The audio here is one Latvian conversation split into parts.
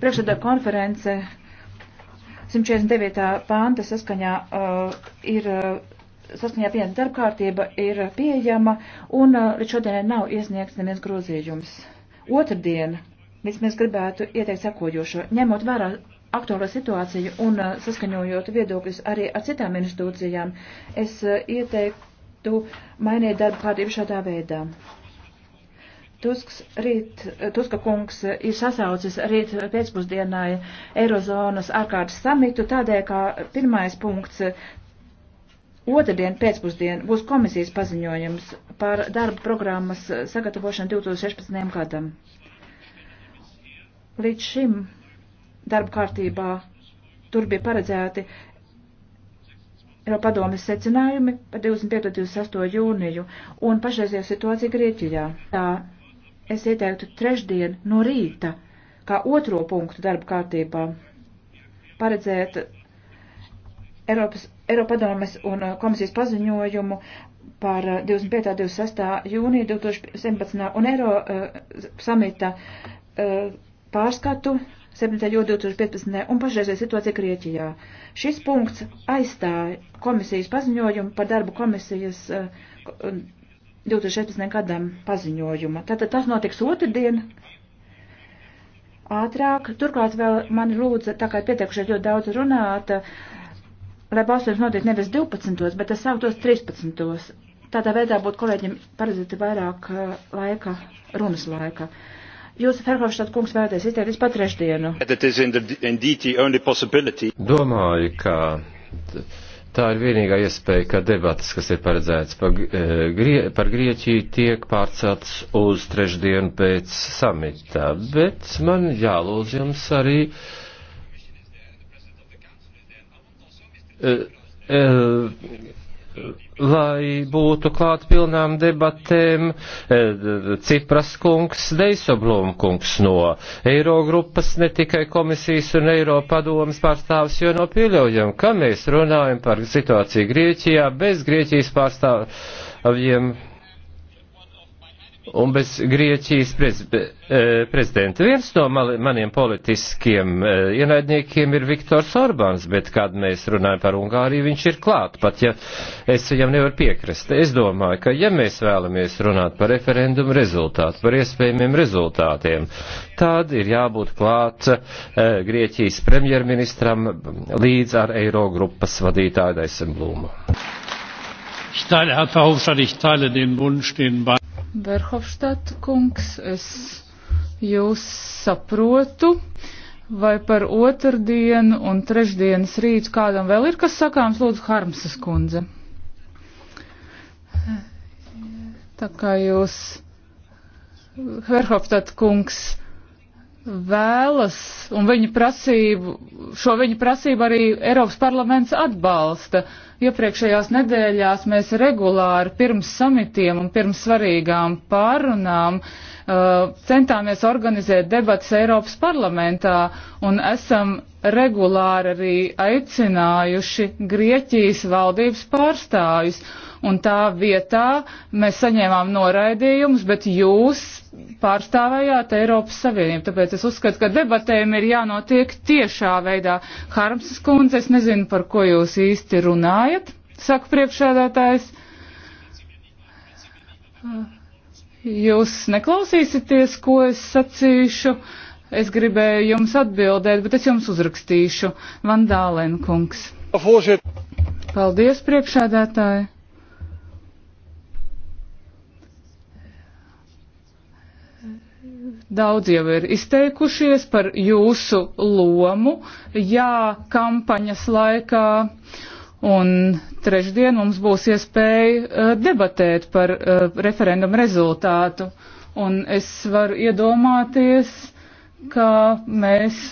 Priekšsēdā konference 149. pānta saskaņā uh, ir. Uh, saskaņā pieņemta darbkārtība ir pieejama un uh, līdz šodienai nav iesniegts neviens grozījums. Otradien vismaz gribētu ieteikt sekojošo, ņemot vērā aktuālo situāciju un uh, saskaņojot viedokļus arī ar citām institūcijām, es uh, ieteiktu mainīt darba kārtību šādā veidā. Tusks rīt, Tuska kungs ir sasaucis rīt pēcpusdienai Eirozonas ārkārtas samitu, tādēļ, kā pirmais punkts otrdien pēcpusdien būs komisijas paziņojums par darba programmas sagatavošanu 2016. gadam. Līdz šim darba kārtībā tur bija paredzēti Eiropa padomes secinājumi par 25. un 26. jūniju un pašreizējā situācija Grieķijā. Tā es ieteiktu trešdien no rīta, kā otro punktu darba kārtībā, paredzēt Eiropas, Eiropadomes un uh, komisijas paziņojumu par 25. 26. jūniju 2017. un Eiro uh, samita uh, pārskatu 7. jūdzi 2015. un pašreizēja situācija Grieķijā. Šis punkts aizstāja komisijas paziņojumu par darbu komisijas uh, 2016. gadam paziņojuma. Tātad tas notiks otrdien. Ātrāk, turklāt vēl man lūdza, tā kā pietiekušies ļoti daudz runāt, lai balsojums notiek nevis 12, bet tas sāktos 13. Tādā veidā būtu kolēģiem paredzēti vairāk laika, runas laika. Jūs, Ferhofštāt kungs, vēlaties izteikties pat trešdienu. Domāju, ka Tā ir vienīgā iespēja, ka debatas, kas ir paredzētas par, eh, grie, par Grieķiju, tiek pārceltas uz trešdienu pēc samita. Bet man jālūdz jums arī uh, uh, lai būtu klāt pilnām debatēm eh, Cipras kungs, Deisoblūm kungs no Eirogrupas, ne tikai komisijas un Eiropadomas pārstāvis, jo nav no pieļaujam, ka mēs runājam par situāciju Grieķijā bez Grieķijas pārstāvjiem un bez Grieķijas prez, e, prezidenta. Viens no maniem politiskiem e, ienaidniekiem ir Viktors Orbāns, bet kad mēs runājam par Ungāriju, viņš ir klāt, pat ja es viņam nevaru piekrist. Es domāju, ka ja mēs vēlamies runāt par referendumu rezultātu, par iespējamiem rezultātiem, tad ir jābūt klāt e, Grieķijas premjerministram līdz ar Eirogrupas vadītāju Daisemblūmu. Ich teile, Herr Verhofstadt, ich teile den Wunsch, den beiden. Verhofstadt kungs, es jūs saprotu. Vai par otrdienu un trešdienas rītu kādam vēl ir kas sakāms, lūdzu, Harmsas kundze? Tā kā jūs, Verhofstadt kungs, vēlas, un viņu prasību, šo viņu prasību arī Eiropas parlaments atbalsta. Iepriekšējās nedēļās mēs regulāri pirms samitiem un pirms svarīgām pārunām uh, centāmies organizēt debatas Eiropas parlamentā un esam regulāri arī aicinājuši Grieķijas valdības pārstāvis un tā vietā mēs saņēmām noraidījumus, bet jūs pārstāvējāt Eiropas Savienību. Tāpēc es uzskatu, ka debatēm ir jānotiek tiešā veidā. Harmsas kundze, es nezinu, par ko jūs īsti runājat, saka priekšēdētājs. Jūs neklausīsieties, ko es sacīšu. Es gribēju jums atbildēt, bet es jums uzrakstīšu. Vandālēn kungs. Paldies, priekšēdētāji. Daudz jau ir izteikušies par jūsu lomu, jā, kampaņas laikā. Un trešdien mums būs iespēja eh, debatēt par eh, referendumu rezultātu. Un es varu iedomāties, ka mēs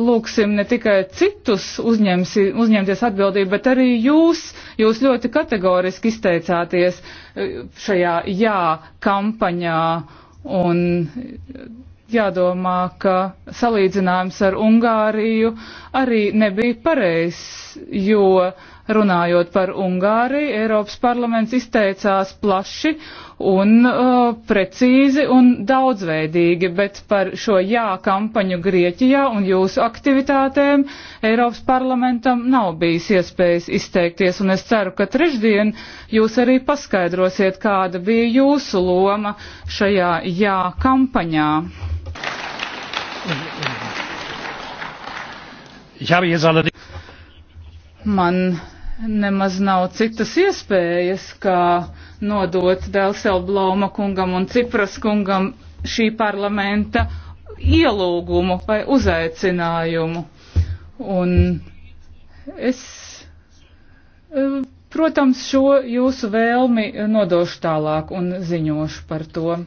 lūksim ne tikai citus uzņemsi, uzņemties atbildību, bet arī jūs, jūs ļoti kategoriski izteicāties eh, šajā jā kampaņā. Uh, Un jādomā, ka salīdzinājums ar Ungāriju arī nebija pareizs, jo runājot par Ungāriju, Eiropas parlaments izteicās plaši un uh, precīzi un daudzveidīgi, bet par šo jā kampaņu Grieķijā un jūsu aktivitātēm Eiropas parlamentam nav bijis iespējas izteikties, un es ceru, ka trešdien jūs arī paskaidrosiet, kāda bija jūsu loma šajā jā kampaņā. Man nemaz nav citas iespējas, kā nodot Delselblauma kungam un Cipras kungam šī parlamenta ielūgumu vai uzaicinājumu. Un es, e, protams, šo jūsu vēlmi nodošu tālāk un ziņošu par to.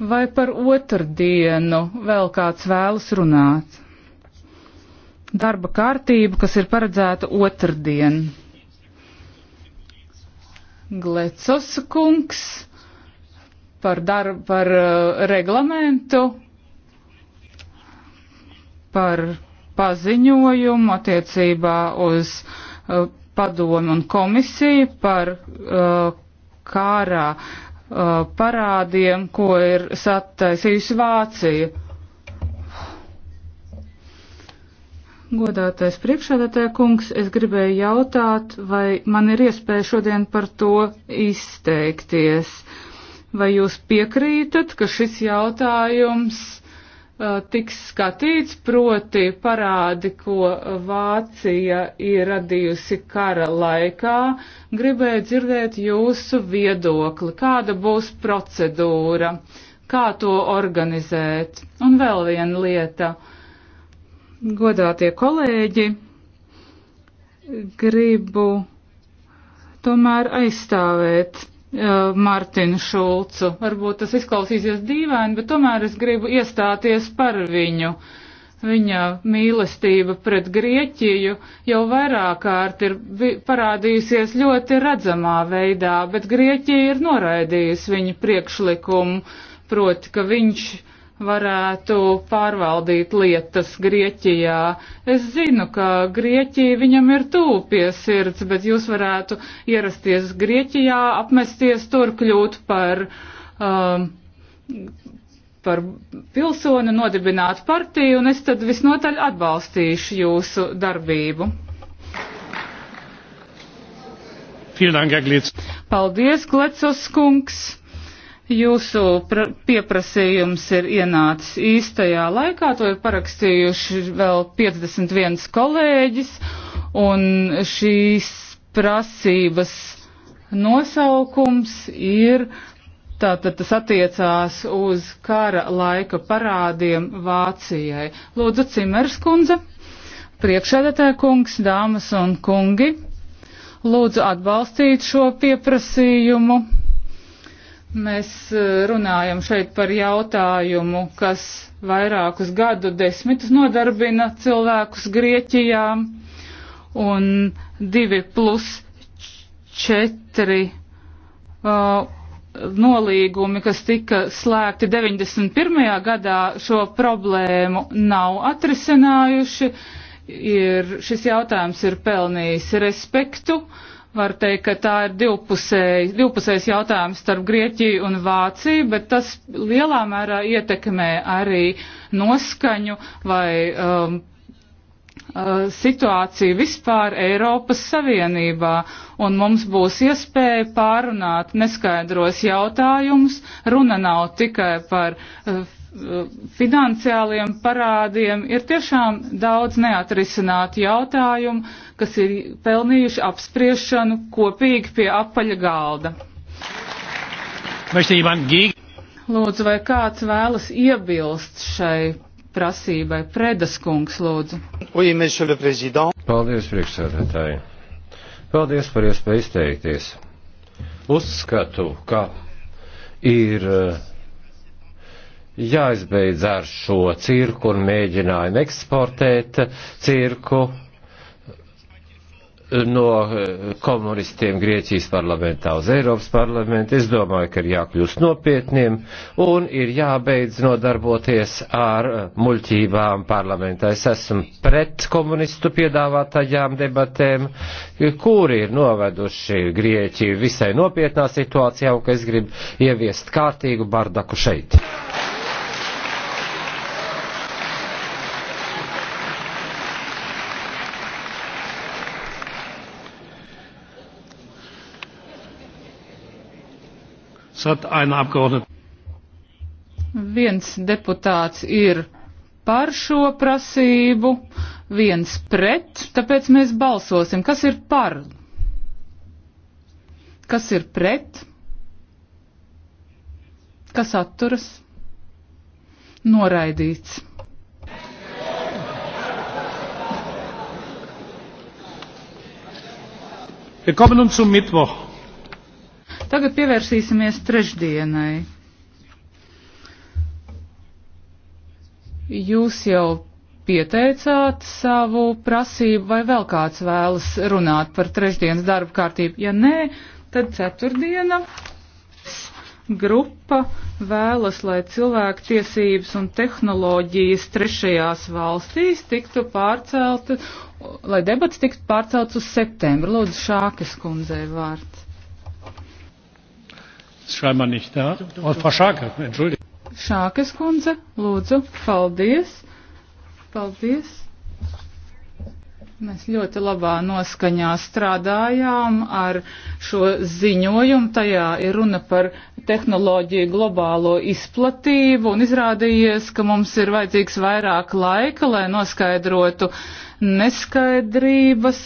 Vai par otru dienu vēl kāds vēlas runāt? darba kārtību, kas ir paredzēta otrdien. Glecos kungs par, dar, par uh, reglamentu, par paziņojumu attiecībā uz uh, padomu un komisiju par uh, kārā uh, parādiem, ko ir sataisījusi Vācija. Godātais priekšādātāja kungs, es gribēju jautāt, vai man ir iespēja šodien par to izteikties. Vai jūs piekrītat, ka šis jautājums uh, tiks skatīts, proti parādi, ko Vācija ir radījusi kara laikā? Gribēju dzirdēt jūsu viedokli, kāda būs procedūra, kā to organizēt. Un vēl viena lieta. Uh, godātie kolēģi, gribu tomēr aizstāvēt uh, Martinu Šulcu. Varbūt tas izklausīsies dīvaini, bet tomēr es gribu iestāties par viņu. Viņa mīlestība pret Grieķiju jau vairāk kārt ir parādījusies ļoti redzamā veidā, bet Grieķija ir noraidījusi viņa priekšlikumu, proti, ka viņš uh, varētu pārvaldīt lietas Grieķijā. Es zinu, ka Grieķija viņam ir tūpies sirds, bet jūs varētu ierasties Grieķijā, apmesties tur, kļūt par, um, par pilsoni, nodibināt partiju, un es tad visnotaļ atbalstīšu jūsu darbību. Paldies, Glecos kungs! Jūsu pieprasījums ir ienācis īstajā laikā, to ir parakstījuši vēl 51 kolēģis, un šīs prasības nosaukums ir, tātad tas attiecās uz kara laika parādiem Vācijai. Lūdzu, Cimerskundze, priekšēdētāja kungs, dāmas un kungi, lūdzu atbalstīt šo pieprasījumu Mēs eh, runājam šeit par jautājumu, kas vairākus gadu desmitus nodarbina cilvēkus Grieķijā, un divi plus četri uh, nolīgumi, kas tika slēgti 91. gadā, šo problēmu nav atrisinājuši. Ir, šis jautājums ir pelnījis respektu. Uh, var teikt, ka tā ir divpusēj, divpusējs jautājums starp Grieķiju un Vāciju, bet tas lielā mērā ietekmē arī noskaņu vai um, uh, situāciju vispār Eiropas Savienībā, un mums būs iespēja pārunāt neskaidros jautājumus. Runa nav tikai par uh, finansiāliem parādiem, ir tiešām daudz neatrisinātu jautājumu, kas ir pelnījuši apspriešanu kopīgi pie apaļa galda. Lūdzu, vai kāds vēlas iebilst šai prasībai? Predaskungs, lūdzu. Paldies, priekšsēdētāji. Paldies par iespēju izteikties. Uzskatu, ka ir eh, jāizbeidz ar šo cirku un mēģinājumu eksportēt cirku no eh, komunistiem Grieķijas parlamentā uz Eiropas parlamentu. Es domāju, ka ir jākļūst nopietniem un ir jābeidz nodarboties ar eh, muļķībām parlamentā. Es esmu pret komunistu piedāvātajām debatēm, kuri ir noveduši Grieķiju visai nopietnā situācijā un ka es gribu ieviest kārtīgu bardaku šeit. Viens deputāts ir par šo prasību, viens pret, tāpēc mēs balsosim. Kas ir par? Kas ir pret? Kas atturas? Noraidīts. Wir kommen nun zum Mittwoch. Tagad pievērsīsimies trešdienai. Jūs jau pieteicāt savu prasību, vai vēl kāds vēlas runāt par trešdienas darba kārtību? Ja nē, tad ceturtdiena grupa vēlas, lai cilvēku tiesības un tehnoloģijas trešajās valstīs tiktu pārcelti, lai debats tiktu pārcelts uz septembru. Lūdzu, Šākas kundzei vārds. Ist scheinbar nicht da. Oh, Frau Schake, entschuldige. Šākas kundze, lūdzu, paldies. Paldies. Mēs ļoti labā noskaņā strādājām ar šo ziņojumu. Tajā ir runa par tehnoloģiju globālo izplatību un izrādījies, ka mums ir vajadzīgs vairāk laika, lai noskaidrotu neskaidrības.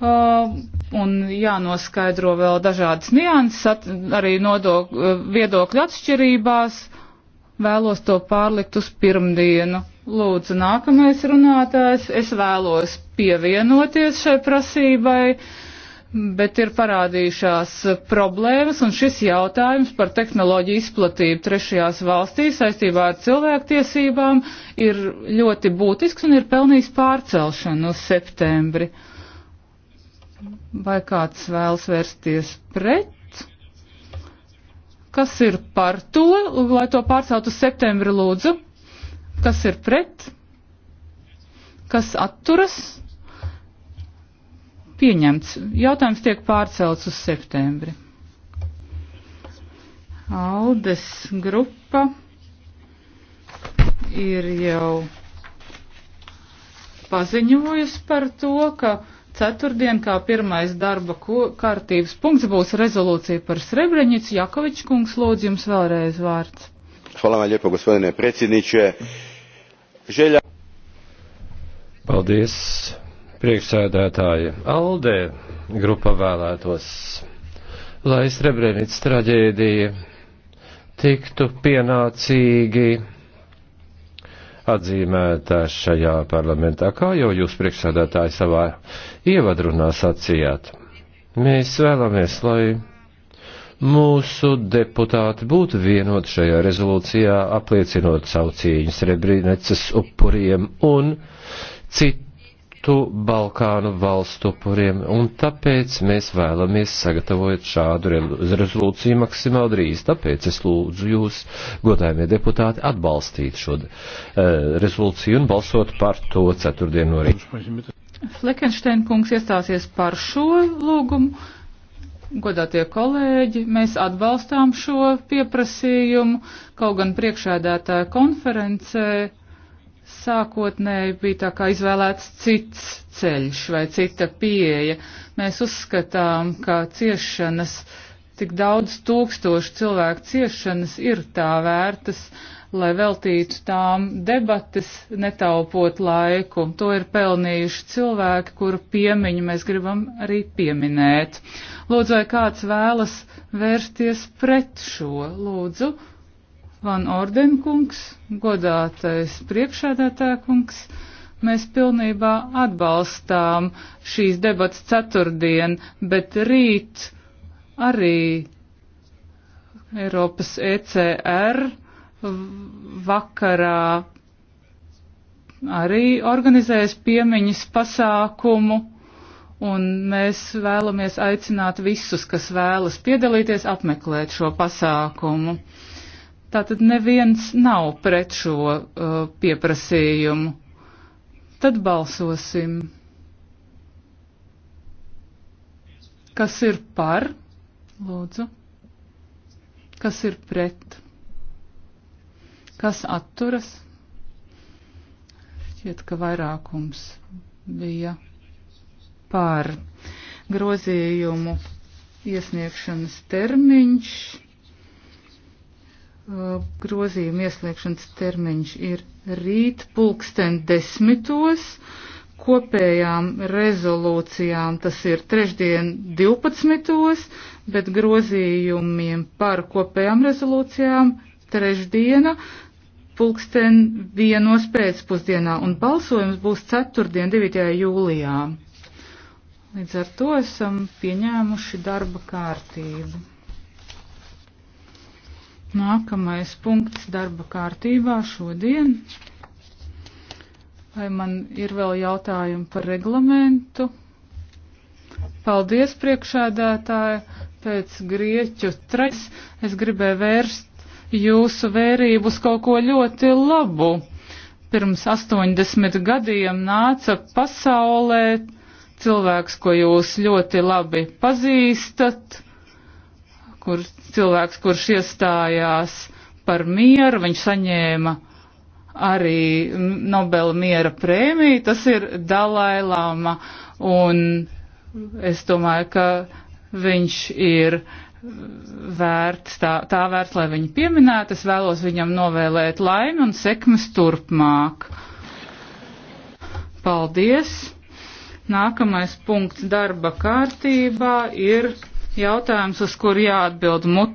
Uh, un jānoskaidro vēl dažādas nianses, arī nodok, eh, viedokļu atšķirībās. Vēlos to pārlikt uz pirmdienu. Lūdzu, nākamais runātājs. Es vēlos pievienoties šai prasībai, bet ir parādījušās problēmas, un šis jautājums par tehnoloģiju izplatību trešajās valstīs saistībā ar cilvēktiesībām ir ļoti būtisks un ir pelnījis pārcelšanu uz septembri. Uh, Vai kāds vēlas vērsties pret? Kas ir par to, lai to pārcelt uz septembri lūdzu? Kas ir pret? Kas atturas? Pieņemts. Jautājums tiek pārcelts uz septembri. Aldes grupa ir jau paziņojusi par to, ka Ceturtdien kā pirmais darba kārtības punkts būs rezolūcija par Srebrenicu. Jakovičs kungs, lūdzu jums vēlreiz vārds. Hvala vam lijepo, gospodine predsjedniče. Želja... Paldies, priekšsēdētāji. Alde grupa vēlētos, lai Srebrenicas traģēdija tiktu pienācīgi atzīmēta šajā parlamentā, kā jau jūs priekšsādātāji savā ievadrunā sacījāt. Mēs vēlamies, lai mūsu deputāti būtu vienoti šajā rezolūcijā, apliecinot savu cīņu Srebrinecas upuriem un citu citu Balkānu valstu upuriem, un tāpēc mēs vēlamies sagatavot šādu rezolūciju maksimāli drīz. Tāpēc es lūdzu jūs, godājumie deputāti, atbalstīt šo uh, rezolūciju un balsot par to ceturtdienu no rīta. Flekenšteina kungs iestāsies par šo lūgumu. Godātie kolēģi, mēs atbalstām šo pieprasījumu, kaut gan priekšēdētāja konferencē sākotnēji bija tā kā izvēlēts cits ceļš vai cita pieeja. Mēs uzskatām, ka ciešanas, tik daudz tūkstošu cilvēku ciešanas ir tā vērtas, lai veltītu tām debates, netaupot laiku. To ir pelnījuši cilvēki, kuru piemiņu mēs gribam arī pieminēt. Lūdzu, vai kāds vēlas vērsties pret šo? Lūdzu. Van Ordenkungs, godātais priekšādātākungs, mēs pilnībā atbalstām šīs debats ceturtdien, bet rīt arī Eiropas ECR vakarā arī organizēs piemiņas pasākumu, un mēs vēlamies aicināt visus, kas vēlas piedalīties, apmeklēt šo pasākumu. Tātad neviens nav pret šo uh, pieprasījumu. Tad balsosim. Kas ir par? Lūdzu. Kas ir pret? Kas atturas? Šķiet, ka vairākums bija par grozījumu iesniegšanas termiņš. Uh, grozījuma iesniegšanas termiņš ir rīt pulksten desmitos, kopējām rezolūcijām tas ir trešdien 12, bet grozījumiem par kopējām rezolūcijām trešdiena pulksten vienos pēcpusdienā un balsojums būs ceturtdien 9. jūlijā. Līdz ar to esam pieņēmuši darba kārtību. Nākamais punkts darba kārtībā šodien. Vai man ir vēl jautājumi par reglamentu? Paldies, priekšēdētāji, pēc grieķu tres. Es gribēju vērst jūsu vērību uz kaut ko ļoti labu. Pirms 80 gadiem nāca pasaulē cilvēks, ko jūs ļoti labi pazīstat kur cilvēks, kurš iestājās par mieru, viņš saņēma arī Nobela miera prēmiju, tas ir Dalai Lama, un es domāju, ka viņš ir vērts, tā, tā vērts, lai viņu pieminētu, es vēlos viņam novēlēt laimi un sekmes turpmāk. Paldies! Nākamais punkts darba kārtībā ir jautājums, uz kuru jāatbild mutiski.